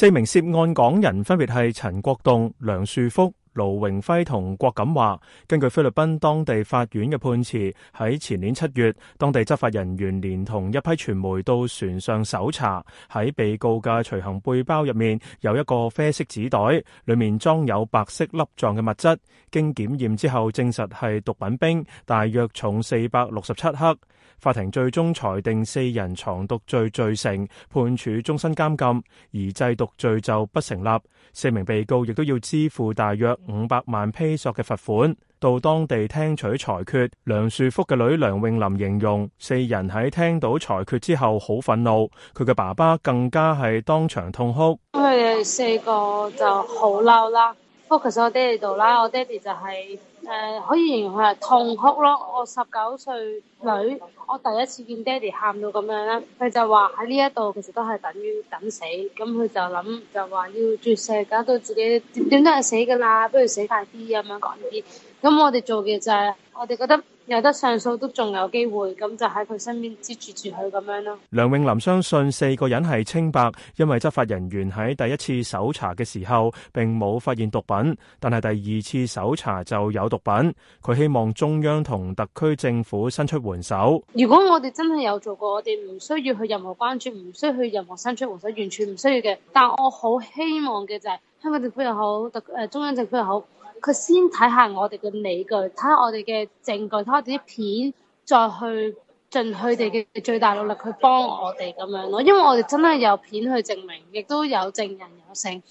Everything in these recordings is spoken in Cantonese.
四名涉案港人，分別係陳國棟、梁樹福、盧榮輝同郭錦華。根據菲律賓當地法院嘅判詞，喺前年七月，當地執法人員連同一批傳媒到船上搜查，喺被告嘅隨行背包入面有一個啡色紙袋，裏面裝有白色粒狀嘅物質，經檢驗之後證實係毒品冰，大約重四百六十七克。法庭最終裁定四人藏毒罪罪成，判處終身監禁，而製毒罪就不成立。四名被告亦都要支付大約五百萬披索嘅罰款。到當地聽取裁決，梁樹福嘅女梁詠琳形容四人喺聽到裁決之後好憤怒，佢嘅爸爸更加係當場痛哭。佢哋四個就好嬲啦，不過其實我爹哋度啦，我爹哋就係。誒、呃、可以形容係痛哭咯，我十九歲女，我第一次見爹哋喊到咁樣咧，佢就話喺呢一度其實都係等於等死，咁、嗯、佢就諗就話要絕食，搞到自己點點都係死㗎啦，不如死快啲咁樣講啲。咁我哋做嘅就係，我哋、就是、覺得有得上訴都仲有機會，咁、嗯、就喺佢身邊接住住佢咁樣咯。梁永林相信四個人係清白，因為執法人員喺第一次搜查嘅時候並冇發現毒品，但係第二次搜查就有毒。品佢希望中央同特區政府伸出援手。如果我哋真係有做過，我哋唔需要去任何關注，唔需要去任何伸出援手，完全唔需要嘅。但我好希望嘅就係香港政府又好，特、誒、中央政府又好，佢先睇下我哋嘅理據，睇下我哋嘅證據，睇下啲片，再去盡佢哋嘅最大努力去幫我哋咁樣咯。因為我哋真係有片去證明，亦都有證人有證，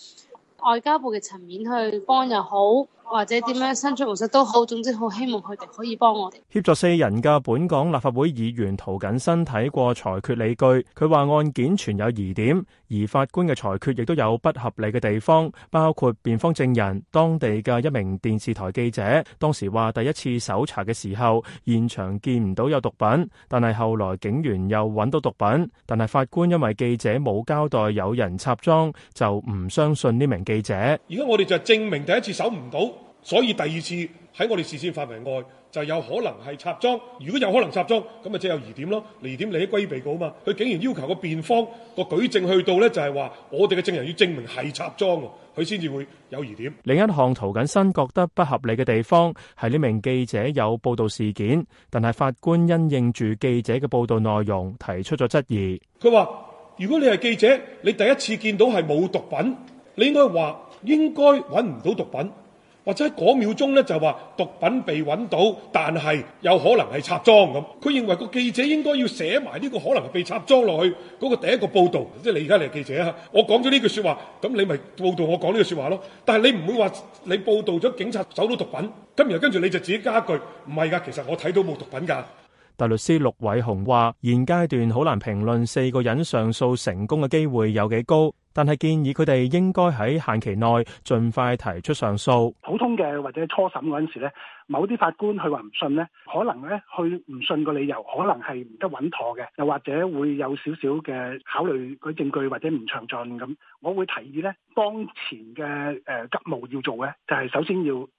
外交部嘅層面去幫又好。或者點樣伸出援手都好，總之好希望佢哋可以幫我哋。協助四人嘅本港立法會議員涂謹申，睇過裁決理據，佢話案件存有疑點，而法官嘅裁決亦都有不合理嘅地方，包括辯方證人當地嘅一名電視台記者，當時話第一次搜查嘅時候，現場見唔到有毒品，但係後來警員又揾到毒品，但係法官因為記者冇交代有人插贓，就唔相信呢名記者。而家我哋就證明第一次搜唔到。所以第二次喺我哋視線範圍外，就有可能係插贓。如果有可能插贓，咁咪即有疑點咯。疑點你係歸於被告啊嘛。佢竟然要求個辯方個舉證去到咧，就係話我哋嘅證人要證明係插贓，佢先至會有疑點。另一項涂謹申覺得不合理嘅地方，係呢名記者有報道事件，但係法官因應住記者嘅報道內容提出咗質疑。佢話，如果你係記者，你第一次見到係冇毒品，你應該話應該揾唔到毒品。或者喺嗰秒鐘咧就話毒品被揾到，但係有可能係插贓咁。佢認為個記者應該要寫埋呢個可能係被插贓落去嗰個第一個報導，即係你而家嚟記者嚇。我講咗呢句説話，咁你咪報導我講呢句説話咯。但係你唔會話你報導咗警察搜到毒品，跟住跟住你就自己加一句唔係㗎，其實我睇到冇毒品㗎。大律師陸偉雄話：現階段好難評論四個人上訴成功嘅機會有幾高。但係建議佢哋應該喺限期內盡快提出上訴。普通嘅或者初審嗰陣時呢，某啲法官佢話唔信呢，可能呢佢唔信個理由可能係唔得穩妥嘅，又或者會有少少嘅考慮佢證據或者唔詳盡咁。我會提議呢，當前嘅誒急務要做嘅就係首先要。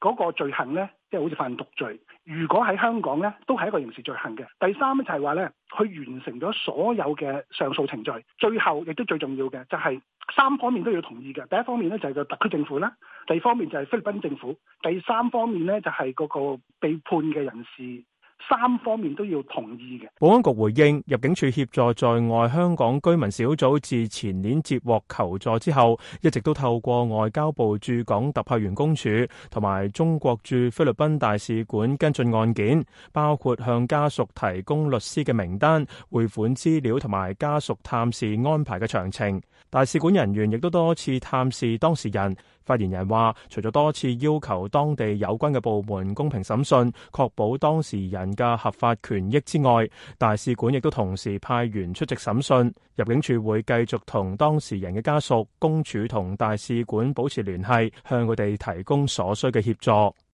嗰個罪行呢，即係好似犯毒罪，如果喺香港呢，都係一個刑事罪行嘅。第三呢，就係話呢，佢完成咗所有嘅上訴程序。最後亦都最重要嘅就係三方面都要同意嘅。第一方面呢，就係個特區政府啦，第二方面就係菲律賓政府，第三方面呢，就係嗰個被判嘅人士。三方面都要同意嘅。保安局回應，入境處協助在外香港居民小組，自前年接獲求助之後，一直都透過外交部駐港特派員公署同埋中國駐菲律賓大使館跟進案件，包括向家屬提供律師嘅名單、匯款資料同埋家屬探視安排嘅詳情。大使館人員亦都多次探視當事人。發言人話，除咗多次要求當地有關嘅部門公平審訊，確保當事人。嘅合法權益之外，大使館亦都同時派員出席審訊，入境處會繼續同當事人嘅家屬、公署同大使館保持聯繫，向佢哋提供所需嘅協助。